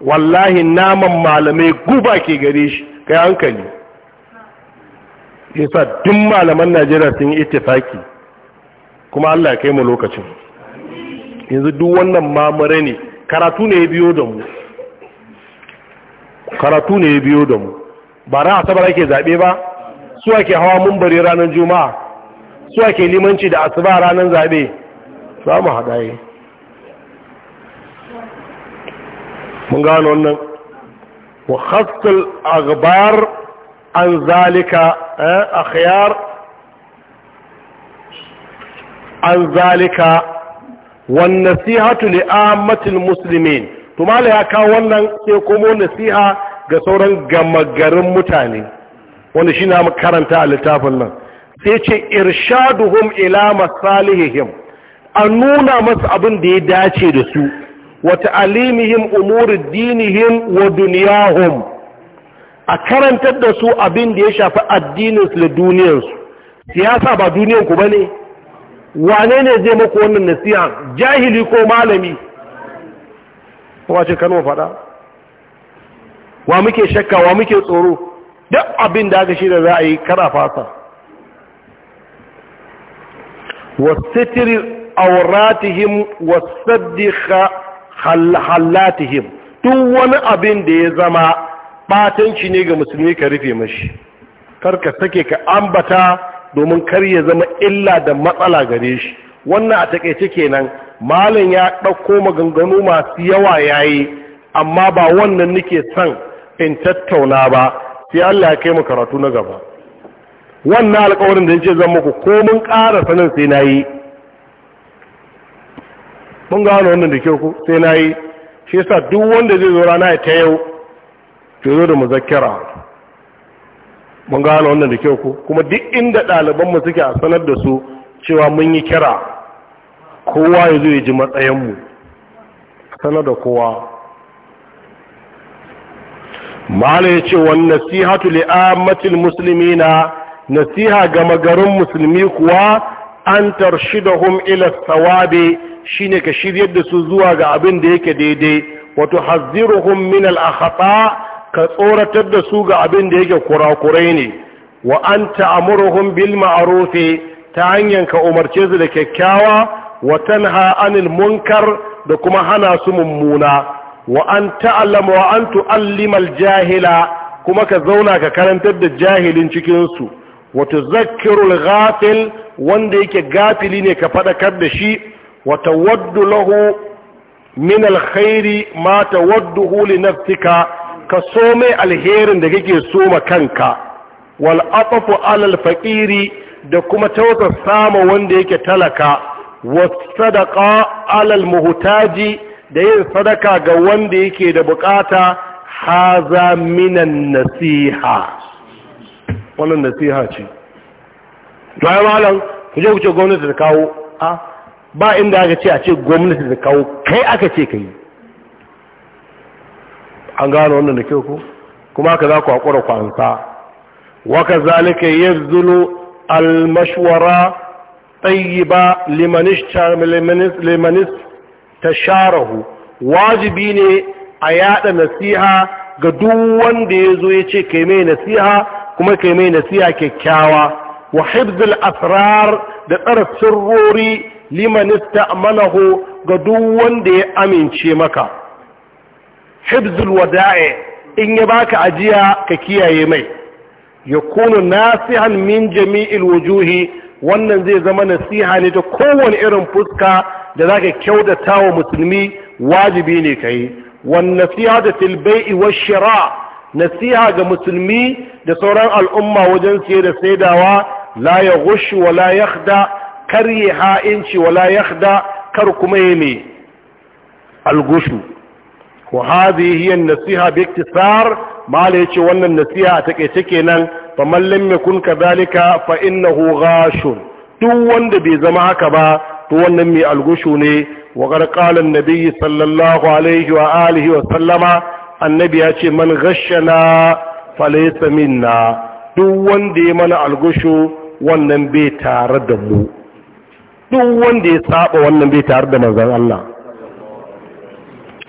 wallahi naman malamai guba ke gare shi kai hankali yasa duk malaman Najeriya sun yi ittifaki kuma Allah ya kai mu lokacin yanzu duk wannan mamure ne karatu ne ya biyo da mu karatu ne ya biyo da mu ba na asabar ake zaɓe ba su ake hawa mumbari ranar juma'a su ake limanci da asuba ranar zaɓe za mu haɗaye mun gano wannan wa khassul aghbar an zalika eh, akhyar an zalika wan nasihatu li ammatil muslimin ya kawo wannan sai komo nasiha ga sauran gamagarin mutane wanda shi na karanta a littafin nan sai ce irshaduhum ila masalihihim an nuna masu abin da ya dace da su wa ta'alimihim umuri dinihim wa duniyahum a karantar da su abin da ya shafi addininsu da duniyarsu siyasa ba duniyanku ba ne wane ne zai maku wannan nasiha jahili ko malami kuma ce kano faɗa wa muke shakka wa muke tsoro duk abin da aka shirya za a yi kara fasa wasitiri wa wasaddika hallatihim duk wani abin da ya zama batanci ne ga musulmi ka rufe mashi karka sake ka ambata domin kar ya zama illa da matsala gare shi wannan a takaice kenan malam ya ɗauko maganganu masu yawa yayi amma ba wannan nake son in tattauna ba sai Allah ya kai mu karatu na gaba wannan alƙawarin da yake zan muku ko mun ƙara sanin sai nayi mun gano wannan da kyau ku sai na yi shi yasa duk wanda zai zo rana ta yau to zo da muzakkira mun gano wannan da kyau ku kuma duk inda ɗaliban mu suke a sanar da su cewa mun yi kira kowa ya zo ya ji matsayin mu sanar da kowa mala ya ce wani nasihatu li'ammatil musulmi na nasiha ga magarin musulmi kuwa an hum ila sawabi ne ka shiryar da su zuwa ga abin da yake daidai wato hazziruhum min al ka tsoratar da su ga abin da yake kurakurai ne wa anta amuruhum bil ma'arufe ta hanyar ka umarce su da kyakkyawa wa tanha anil munkar da kuma hana su mummuna wa an ta'allama wa an tu'allimal jahila kuma ka zauna ka karantar da jahilin cikin su wa tuzakkirul ghafil wanda yake gafili ne ka faɗakar da shi wa tawaddu lahu min alkhairi ma tawadduhu li nafsika ka so mai alherin da kake so kanka wal atafu alal faqiri da kuma tausa sama wanda yake talaka wa sadaqa alal muhtaji da yin sadaka ga wanda yake da buƙata, haza minan nasiha wannan nasiha ce bayan malam ku je ku ce gwamnati ta kawo ah, ba inda aka ce a ce gwamnati da kawo kai aka ce ka an gano wannan da kyau ko kuma aka za ku haƙura kwanta waka zalika ya zulu almashwara tsayiba limanis ta sharahu wajibi ne a yada nasiha ga duk wanda ya zo ya ce kai mai nasiha kuma kai mai nasiha kyakkyawa wa hibzul asrar da tsara sirrori liman ista'manahu ga duk wanda ya amince maka hibzul wada'i in ya baka ajiya ka kiyaye mai yakunu nasihan min jami'il wujuhi wannan zai zama nasiha ne ta kowane irin fuska da zaka kyautata wa musulmi wajibi ne kai wan nasiha da bai'i wa shira nasiha ga musulmi da sauran al'umma wajen siye da saidawa la yaghushu wa la yakhda kar ya ha'inci wala yakhda kar kuma ya mai algushu wa hadhihi hiya nasiha bi iktisar mala yace wannan nasiha take take nan fa man lam yakun kadhalika fa innahu ghashun duk wanda bai zama haka ba to wannan mai algushu ne wa qad qala an-nabiy sallallahu alaihi wa alihi wa sallama annabi yace man ghashana falaysa minna duk wanda ya mana algushu wannan bai tare da mu duk wanda ya saba wannan bai tare da manzan Allah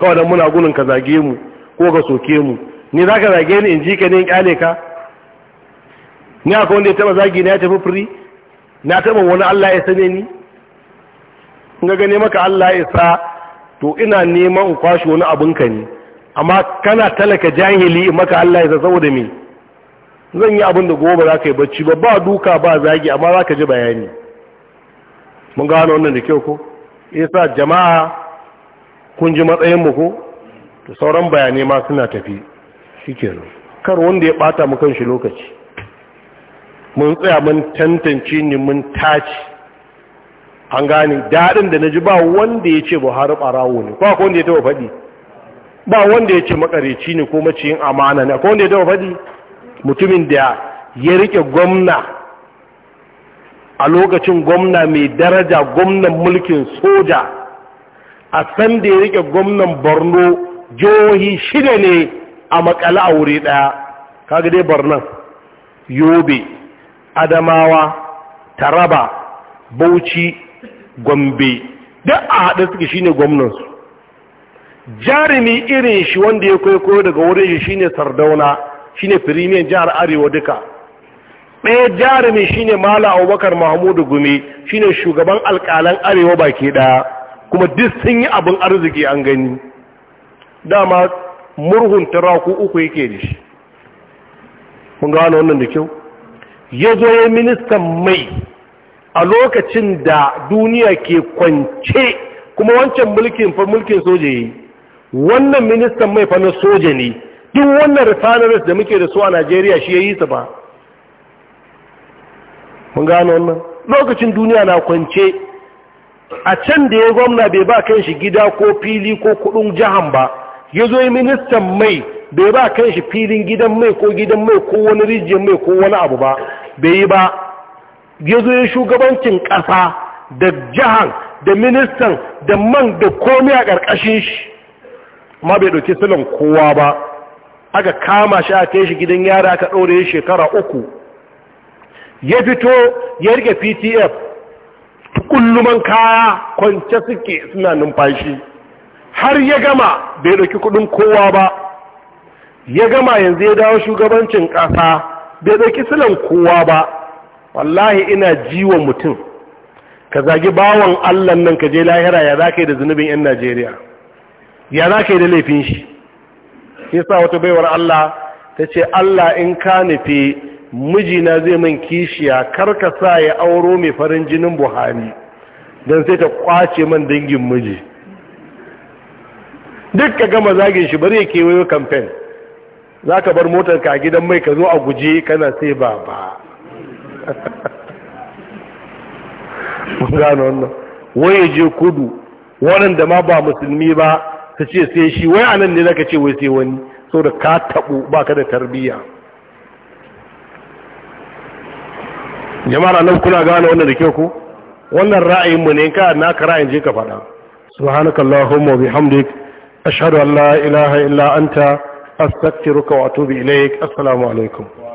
kawai da muna gudun ka zage mu ko ka soke mu ni za ka zage ni in ji ka ne in kyale ka ni akwai wanda ya taba zagi na ya tafi firi na taba wani Allah ya sane ni in ga gane maka Allah ya sa to ina neman in kwashe wani abin ka ne amma kana talaka jahili in maka Allah ya sa saboda me zan yi abin da gobe za ka yi bacci ba ba duka ba zagi amma za ka ji bayani mun gano wannan da kyau ko sa jama'a kun ji matsayin mu ko to sauran bayanai ma suna tafi shikenan kar wanda ya bata mu kan shi lokaci mun tsaya mun tantance ni mun tace an gane dadin da naji ba wanda ya ce Buhari barawo ne ko akwai wanda ya taba fadi ba wanda ya ce makareci ne ko maciyin amana ne akwai wanda ya taba fadi mutumin da ya rike gwamna a lokacin gwamna mai daraja gwamnan mulkin soja a san da ya rike gwamnan borno jihohi shida ne a makala a wuri daya kaga dai borno yobe adamawa taraba bauchi gombe duk a haɗe suke shine gwamnansu jarumi irin shi wanda ya kwaikwayo daga wurin shi shine sardauna shine firimiyan jihar arewa duka ɗaya jarumin shine mala abubakar mahmudu gumi shine shugaban alƙalan arewa baki ɗaya kuma duk sun yi abin arziki an gani dama murhun turaku uku yake da shi kun gano wannan da kyau ya zo ya ministan mai a lokacin da duniya ke kwance kuma wancan mulkin fa mulkin soja yi wannan ministan mai fa na soja ne duk wannan refineries da muke da su a Najeriya shi ya yi su ba mun gano wannan lokacin duniya na kwance a can da ya gwamna bai ba kan shi gida ko fili ko kudin jihan ba ya zo yi ministan mai bai ba kan shi filin gidan mai ko gidan mai ko wani rijiyar mai ko wani abu ba bai yi ba ya zo ya shugabancin kasa da jihan da ministan da man da komai a karkashin shi ma bai ɗauki silin kowa ba aka kama shi a kai shi gidan yara aka ɗaure shekara uku ya fito ya rike ptf kulluman kaya kwance suke suna numfashi har ya gama bai ɗauki kudin kowa ba ya gama yanzu ya dawo shugabancin ƙasa bai ɗauki silan kowa ba wallahi ina jiwa mutum ka zagi bawan Allah nan ka je lahira ya za da zunubin 'yan najeriya ya za da laifin shi yasa wata baiwar allah ta ce allah in ka nufi mijina zai man kishiya karka sa ya auro mai farin jinin buhari don sai ta kwace man dangin miji duk ka gama zagin shi bari ya kewayo kamfen za ka bar motar ka gidan mai ka zo a guje kana sai ba ba gano wannan waye je kudu waɗanda ma ba musulmi ba ta ce sai shi wai anan ne zaka ce wai sai wani so da ka ba baka da tarbiyya jama'ar nan kuna gane wannan da kyau ku wannan ra'ayin mu ne ka naka ra'ayin je ka faɗa subhanakallahumma bihamdik ashhadu an la ilaha illa anta astaghfiruka wa atubu ilaik assalamu alaikum